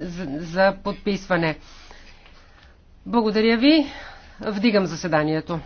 за за подписване. Благодаря ви. Вдигам заседанието.